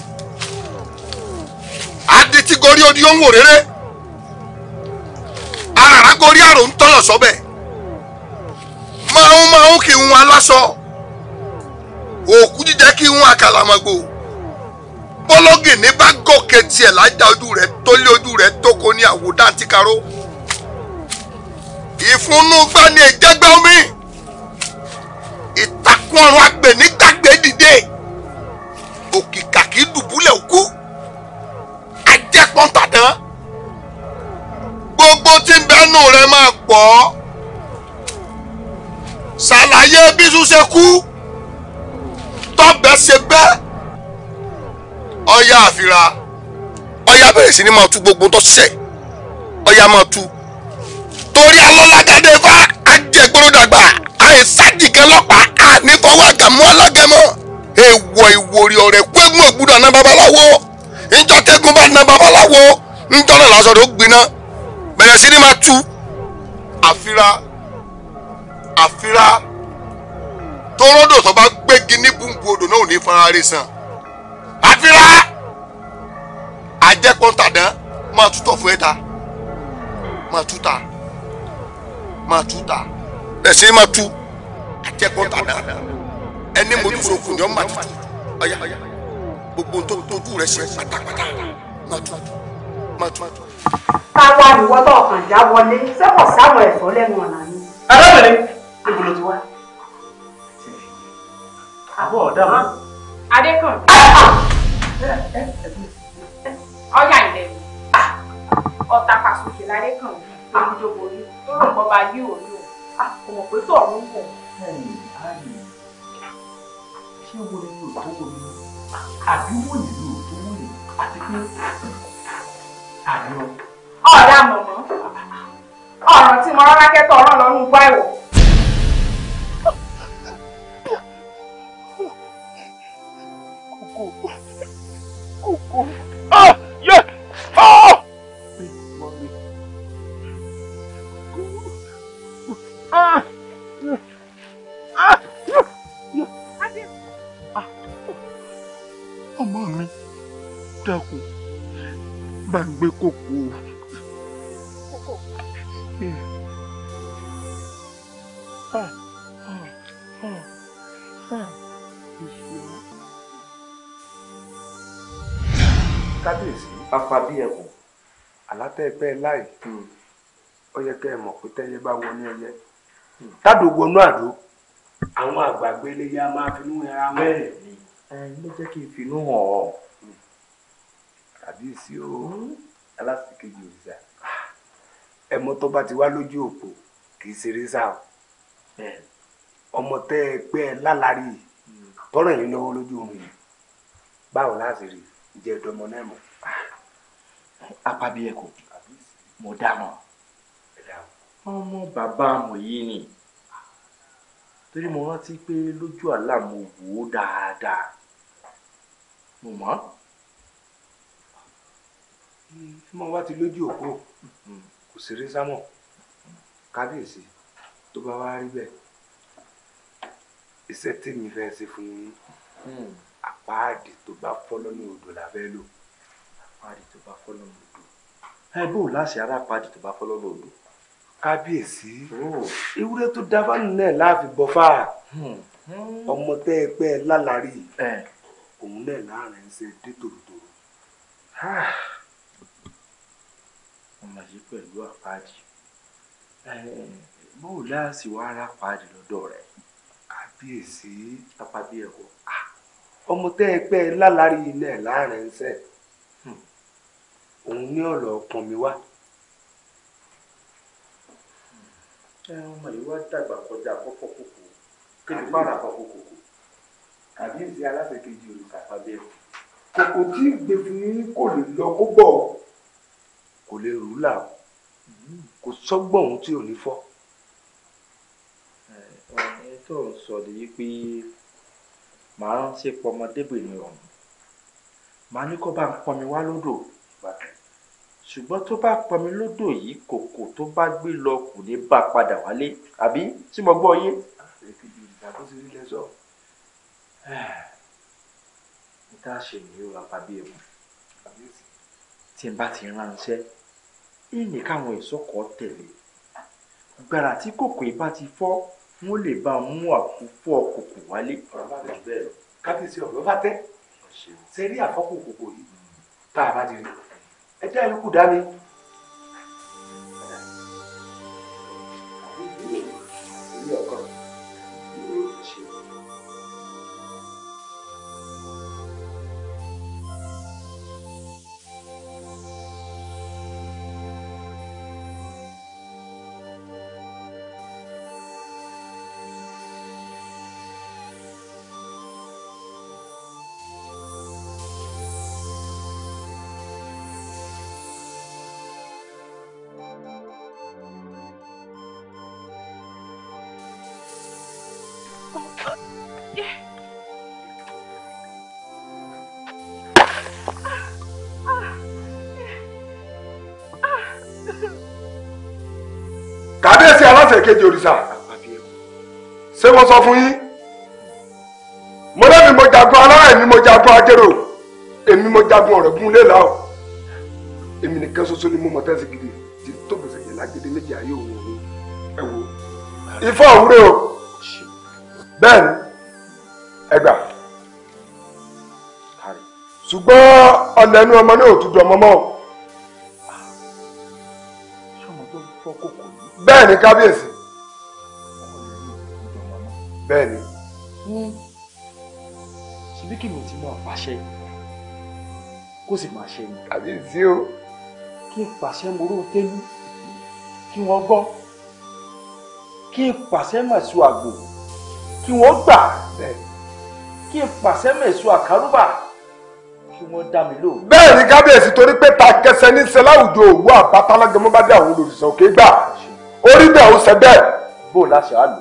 [SPEAKER 1] tí gorí odi ó ń wò rere arara gorí àrò ń tọ̀nà sọ́bẹ̀ máa ń máa ń kí ń wọn aláṣọ òkú jíjẹ kí ń wọn àkàlàmọ̀gbò bọ́lọ́gì ní bá gòkè tiẹ̀ lájà ojú rẹ̀ tó lé ojú rẹ̀ tó kó ní àwò dántíkaró ìfúnnú gbani ìjẹgbẹ omi ìtàkùn ọrùn agbè nígbàgbé dìde òkìkà kì í dùbúlẹ̀ òkú. gbogbo tí ń bẹ́nu rẹ̀ máa pọ̀ ṣàlàyé bí tún kú tọ́bẹ̀ ṣe bẹ́ ọya àfira ọya bẹ̀rẹ̀ sí ni máa tú gbogbo tó ọya máa tú torí alọ́lágádé fa ajẹgbọ́dọ̀dàgbà àìsàdìgẹ́ lọ́pàá ànífọwọ́ àgàmú alágẹmọ́ èèwọ̀ ìwòrì ọ̀rẹ́ ná babaláwo bá ná babaláwo ńjọ́ náà lásọ̀rọ̀ ó gbiná. bẹ̀rẹ̀ sí ni máa tú àfira àfira tó rọ́dọ̀ tó bá gbégi ní búńkù odò náà ò ní fara rẹ̀ sàn àfira àjẹkọ̀ntàdán máa tútọ̀ fún ẹ̀ta máa túta máa túta bẹ̀rẹ̀ sí ni máa tú àjẹkọ̀ntàdán ẹni mojúforo kùn ní ọmọ àtútù ọ̀yà gbogbo ntòjú rẹ̀ ṣe pátápátá máa tú máa tú
[SPEAKER 3] ká wá ìwọ tó ọkàn já wọlé sẹ́wọ̀n sáwọn ẹ̀fọ́ lẹ́nu ọ̀nà ni. alábẹ̀rẹ̀ níbo ti wá. àbọ̀ ọ̀dà mọ́. adékànjú. Ah, ah. ọjà ilẹ̀ mi ọ̀tá pàṣùkì ládékànjú olùdókòwò yìí tó rò pọ̀ bá yí òun yìí kò mọ̀ pé tó ọ̀run kù. ṣé wo ni
[SPEAKER 1] yóò tó wo ni àbí wọ́n yìí yóò tó wọ́n yìí
[SPEAKER 3] àti pé àyọ̀ ọ̀dà mọ̀mọ́ ọ̀ràn tí mo rárá kẹ́tọ̀ ọ̀ràn lọ́nù gbá ẹ̀wọ̀.
[SPEAKER 1] ọmọ mi dákun bá ń gbé kókó afa bí ẹkùn àlátẹ̀pẹ́ láì hmm. ó yẹ ẹ mọ̀ pé tẹ́yẹ bá wọnú ẹyẹ tádògbò náà àdó àwọn àgbàgbé iléyà máa finú ẹra mẹ́rin ni ló jẹ́ kí n finú hàn ọ́ kàbíyèsí o hmm. alásìkejì òrìṣà ẹmọ tó bá ti wá lójú òpó kì í ṣeré sá o ọmọ tẹ́ ẹ pẹ́ ẹ lálàrí hmm. tọ́rọ̀ yìí lọ́wọ́ lójú omi báwo láti rí jẹ́ dọmọ náà mọ̀ apabiẹ̀kọ mo dáhùn ọmọ bàbá mo yìí ni torí mo rántí pé lójú àlá mo wò ó dáadáa mo mọ̀ tí mo bá ti lójú òpó kò sí rí sámọ̀ kábíyèsí tó bá wá rí bẹ́ẹ̀ iṣẹ́ tèmi fẹ́ ṣe fún yín hmm. àpáàdì tó bá fọ́ lọ́nà odò la lò parí tó bá fọ́ lọ́nà odò ẹ bó láṣẹ ara parí tó bá fọ́ lọ́nà odò. kábíyèsí hmm. ewúrẹ́ tó dáfá náà láàfin bọ́fà hmm.
[SPEAKER 2] hmm. ọmọ
[SPEAKER 1] tẹ́ ẹ pẹ́ lálàrí òun náà láàrin ṣe dé tòrótòró. ọmọ yìí pẹ̀lú àpáàdì bó láṣẹ wàá ara pàdé lọ́dọ̀ rẹ̀ kábíyèsí apábíyẹ̀kọ ah. ọmọ tẹ́ ẹ pẹ́ lálàrí náà láàrin ṣe òun ní ọ̀lọ́ pọn mi wá. ẹ ọmọ yìí wá dàgbà kọjá kọ́kọ́ kòkò kébi pààrà kọ́kọ́ kòkò kàbíyèsí aláṣẹ kejì olùkàfà bẹ́ẹ̀. kòkò tí gbẹ̀fún kò lè lọ kó bọ̀ kò lè rù ú là kò sọ́gbọ̀n ohun tí ò ní fọ́. ẹ tó ń sọ nìyí pé màá rántí pọmọdébìnrin ọ̀hún màá ní kó bá ń pọnmi wá lódò ṣùgbọ́n tó bá pọnmi lódò yìí kòkò tó bá gbé lọ kò ní bá a padà wálé àbí tí mo gbọ́ yé. èkejì ìgbà ní o àbábí ẹ̀mú tí n bá ti ránṣẹ́ ìní káwọn ẹ̀ṣọ́ tẹ̀lé gbàrà tí kòkò ìbá ti fọ́ wọn lè bá a mú àkúfọ́ kòkò wálé. kábíyèsí ọ̀rọ̀ bá tẹ́ sẹ́rí àfọ́kù kòkò yìí mm. tá a bá ti rí i ẹ dá ikú dání. ẹlẹ́ẹ̀kejì òrìṣà ṣé mo sọ fún yín mo lẹ́mi mo jagun ará èmi mo jagun ajérò èmi mo jagun ọ̀rẹ́gun léèlà o èmi nìkan ṣoṣo ni mo mọ̀ tẹ́sí gidi tí tó gbèsè yẹn lágídé méjì ayé òun òun ẹ wo ifá òwúrẹ́ o bẹ́ẹ̀ ni ẹ gbà ṣùgbọ́n ọ̀lẹ́ inú ọmọ náà ò tún dùn ọmọ mọ́ o bẹ́ẹ̀ kábíyèsí bẹ́ẹ̀ ni. Hmm. ṣebí kí mi ti máa pàṣẹ kó sì máa ṣe ni. kàbíyèsí o. kí n pàṣẹ moró tẹ́lú kí wọ́n gbọ́ kí n pàṣẹ màṣú àgbò kí wọ́n gbà kí n pàṣẹ màṣú àkàrúbà kí wọ́n dá mi lò. bẹ́ẹ̀ ni kábíyèsí torí pé ta kẹsẹ ní sẹ láwùjọ òwú àbátálágẹmọ bá dé àwọn olùsọ òkè gbà orí bẹ́ẹ̀ ó sẹ bẹ́ẹ̀. bó o láṣẹ àlò.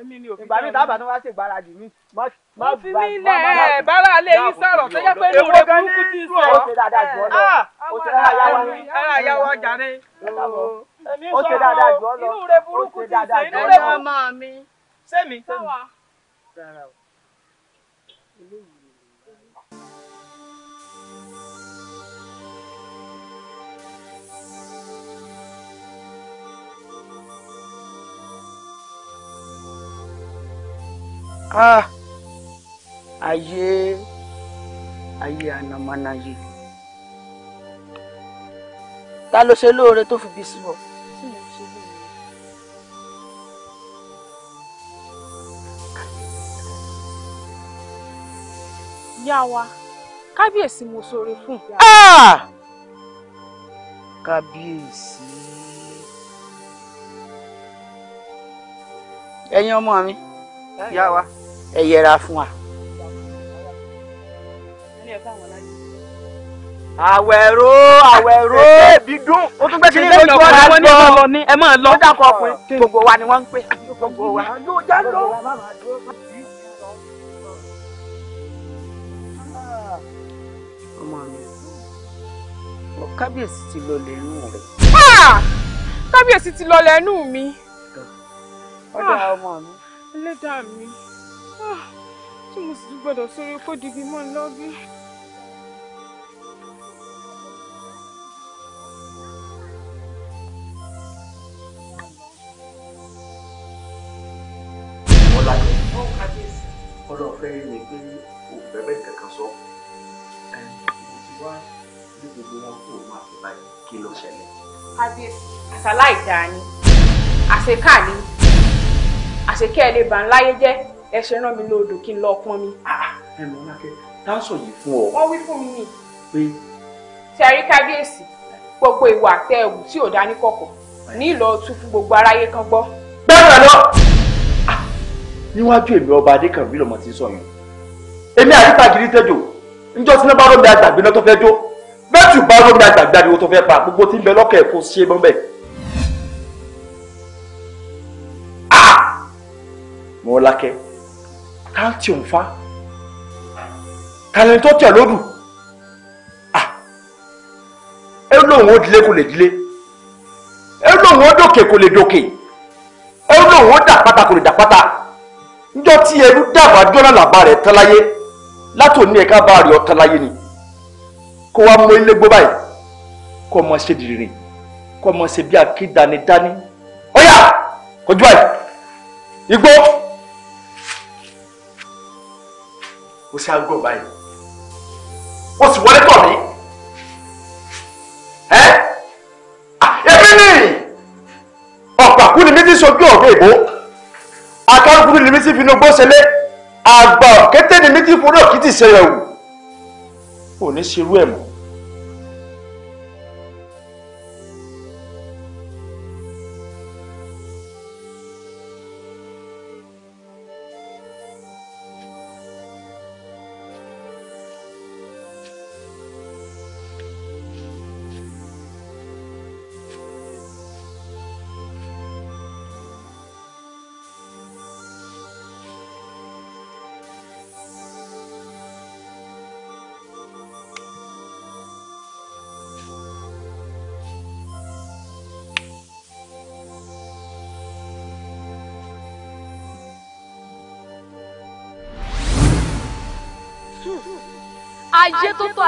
[SPEAKER 1] èmi ni òfin ìgbà mi tábà tó wá ṣe ìgbáradì mi. mo fi mí lẹ̀ ẹ̀ bára lè yí tó
[SPEAKER 3] jẹ́ pé inú rẹ̀ burúkú ti sọ. ó ṣe dáadáa jù ọ́ lọ ó ah, ṣe dáadáa jù ọ́ lọ. ó ṣe dáadáa jù ọ́ lọ inú rẹ̀ burúkú ti sọ inú rẹ̀ burúkú. sẹ́mi sẹ́mi.
[SPEAKER 1] ah ayé ayé ànàmọ́nàyè
[SPEAKER 3] ta ló ṣe lóore tó fi bí síbọ̀. ìyá wa kábíyèsí mo ṣoore fún ìyá. kábíyèsí. ẹ̀yin ọmọ mi ìyá wa. Kábíyèsí ẹ yẹra fún wa.
[SPEAKER 2] àwẹ̀rò àwẹ̀rò ẹ̀bí dùn. ó tún gbẹ́sẹ̀ ní ojú ọ̀la gbọ́ ẹ máa lọ. ó dàkọ̀ ọkùnrin
[SPEAKER 3] gbogbo wa ni wọ́n ń pè gbogbo wa. yóò já lọ. kábíyèsí ti lọ lẹ́nu rẹ̀. kábíyèsí ti lọ lẹ́nu mi. ọjà ọmọ mi. ẹlẹ́dàá mi. Ah, tí mo sì tún gbọdọ̀ sọ̀rọ̀ kó digi mọ́ ń lọ bí.
[SPEAKER 1] fẹ́ ni pé kò fẹ́ bẹ́ẹ̀ kankan sọ mo ti wá ní gbogbo wọn kó o máa fi báyìí kí ló ṣẹlẹ̀. kábíyèsí
[SPEAKER 3] àṣàláì dáa ni àṣekáà ni àṣekẹ́ ẹ lè bà ń láyé jẹ́ ẹ ṣe rán mi lóòdò kí n lọ pọn mi. Ah, ah, ẹ mọ lákẹ táṣọ yìí fún ọ. wọ́n wí fún mi ni. pé. ṣe àrí kábíyèsí gbogbo ìwà àtẹ ẹ̀wù tí ò dání kọ̀kọ̀ ní ìlọ tún fún gbogbo aráyé kan gbọ́.
[SPEAKER 1] bẹ́ẹ̀ lọ. Ah, níwájú èmi ọba adékànmí lọmọ ti sọ yẹn èmi àríkàgìrì tẹjọ njọ tí nàbàrọ mi àgbàgbé náà tó fẹ́ jó bẹ́ẹ̀ tù bá rómi àgbàgbé àdìwọ tó fẹ́ pa gbogbo tí ń bẹ lọkẹ kó ṣe mọ bẹ́ẹ̀. mo lákẹ́ ká ń tí òun fa kàlẹ́ tó tẹ̀ lódù ẹ lóun ó dilé kò lè dilé ẹ lóun ó dòkè kò lè dòkè ẹ lóun ó dàpátá kò lè dàpátá njọ tí ẹrú dàbà jọ́nà làbá rẹ̀ tán láyé látòní ẹ̀ka bá rẹ̀ ọ̀tán láyé ni kó wá mú ilé gbó báyìí kó ọmọ ṣe dìrìrì kó ọmọ ṣe bí akédanidání ó yá kọjú àyè igbó. sí aago báyìí o sì wọlé tọ̀ mí ẹ́ èmi ni ọ̀pàkú ni mi ti sojú ọ̀gbẹ́ ìbò akárùkú ni mi ti fi nogbó ṣẹlẹ̀ àgbà kété ni mi ti forí òkìtì ṣẹlẹ̀ o ò ní ṣerú ẹ̀ mọ́.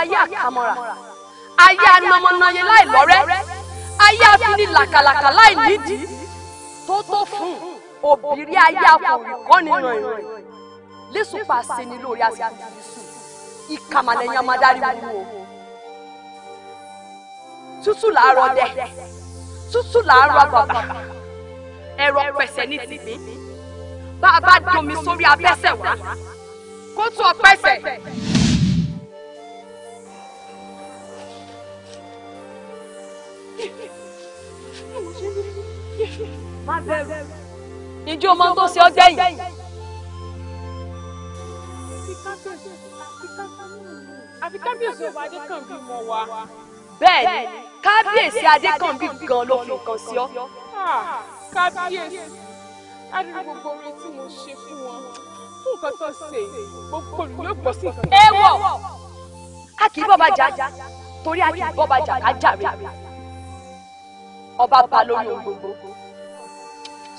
[SPEAKER 2] ayé àkàmọ́ra ayé anamọ́nayé láì lọ́rẹ́ ayé afini làkàlàkà láì nídìí tó tó fún obìnrin ayé akọ̀wìkọ́ nínú ìrìn lẹ́sùn pa sẹ́ni lórí àsìkò yìí ìkàmàlẹ́yìn amadari wù ú tútù làárọ̀ dẹ tútù làárọ̀ àgbàbà ẹ̀rọ pẹ̀sẹ̀ ní tìbí bá a bá domi sórí abẹ́sẹ̀ wá kó tún ọ pẹ́sẹ̀.
[SPEAKER 3] má bẹ̀rù ìjọ ọmọ tó ṣe ọjọ́ yìí. àfi kábíyèsí ọba adékànbí mọ wa. bẹ́ẹ̀ ni kábíyèsí adékànbí gan ló fi kàn sí ọ. kábíyèsí adúlù gbogbo orin tí mo ṣe fún wọn fún nǹkan tó ṣe gbogbo olú yóò gbọ́ sí ìkan. ẹ wọ a kì í bọ́ bàjá torí a kì í bọ́ bàjá kájà rẹ
[SPEAKER 2] ọba ba lórí ohun gbogbo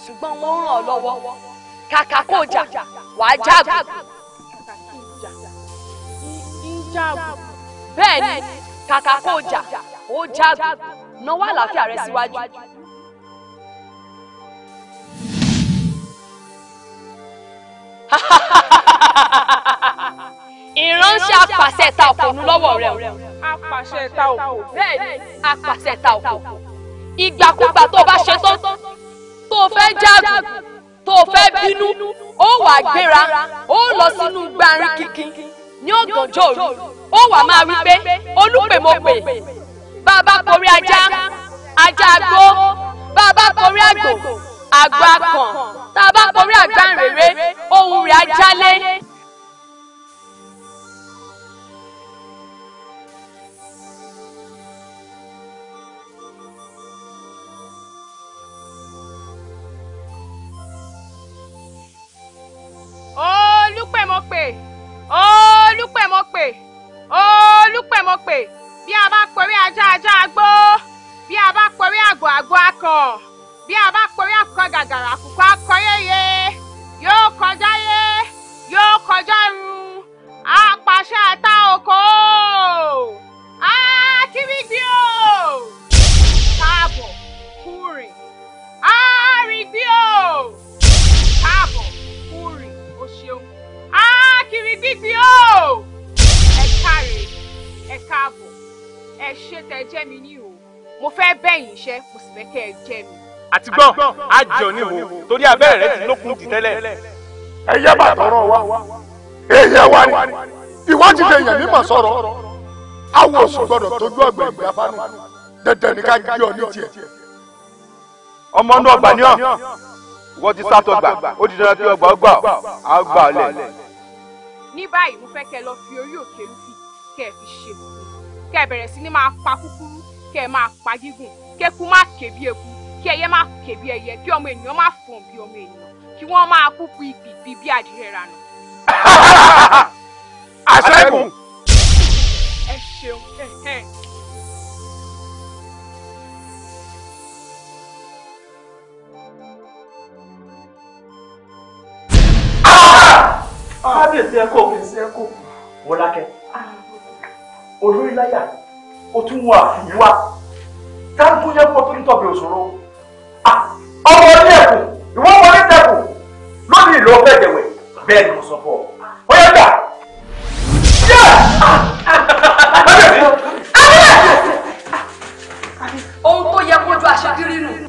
[SPEAKER 2] ṣùgbọ́n wọ́n ń ràn ọ́ lọ́wọ́ kàkà kó jà wàá jáàbù. bẹ́ẹ̀ ni kàkà kó jà ó jáàbù náwó àlàáfíà rẹ síwájú. ìránṣẹ́ apàṣẹ ta òkò ní lọ́wọ́ rẹ̀ o. apàṣẹ ta òkò. bẹ́ẹ̀ ni apàṣẹ ta òkò ìgbàkúgbà tó bá ṣe tán tó fẹ́ jágùn tó fẹ́ bínú ó wà gbéra ó lọ sínú gbarin kíkín ní ọ̀gànjọ́ òru
[SPEAKER 3] ó wà máa wí
[SPEAKER 2] pé olùpèmọ̀pè bàbá korí ajá ajá agbó bàbá korí àgbò àgbà kan tàbá korí àgbà rere ohun rẹ̀ ajálé.
[SPEAKER 3] pè olùpẹ̀ mo pè olùpẹ̀ mo pè bí a bá porí ajá ajá agbó bí a bá porí àgbò àgbò akàn bí a bá porí àkùkọ gàgàrà kù ṣe tẹ jẹ́ mi ní o mo fẹ́ bẹ́yìn iṣẹ́ mo sì fẹ́ kẹ́ ẹ jẹ́ mi.
[SPEAKER 1] àti gbọ́n àjọ ni wo torí abẹ́rẹ́ rẹ ti lókun dì tẹ́lẹ̀. ẹyẹ bá tọrọ wa èyẹ wa ni ìwọ ti dẹ yẹn mímọ sọ̀rọ̀ awo oṣù gbọ́dọ̀ tójú ọgbẹ ìgbà fanu dẹdẹ ní ká gbé ọ ní tiẹ̀. ọmọ inú ọgbà ni ọ wọ́n ti sá tọgbà ó di dandan kí ọgbà ọgbà á gbà ọ lẹ̀.
[SPEAKER 3] ní báyìí mo fẹ́ kẹ́ lọ fi orí òkèlú fi kẹ́ ẹ fi ṣe fún mi kẹ́ ẹ sí ní máa pa kúkúrú kẹ́ máa pa gígùn kéku má ké bí eku kí ẹyẹ má ké bí ẹyẹ kí ọmọ ènìyàn má fọ̀n bí ọmọ ènìyàn kí wọ́n máa kú pípípí bí adìrẹ ranà. [LAUGHS] àṣẹ́gun. ẹ ṣeun
[SPEAKER 1] ah! Ah! kábíyèsí ẹ kó kábíyèsí ẹ kó wọlákẹ́ olórí láyà o tún wọ àfihàn wa táàbù yẹn kó tó ń tọ̀bẹ̀ òṣòro ọmọ orí ẹ̀kùn ìwọ ọmọ orí ẹ̀kùn lónìí ìlú ọfẹ́ jẹ̀wẹ̀ bẹ́ẹ̀ ni mo sọ fún ọ bóyá gbà.
[SPEAKER 2] ohun tó yẹ kójú àṣà kiri nù.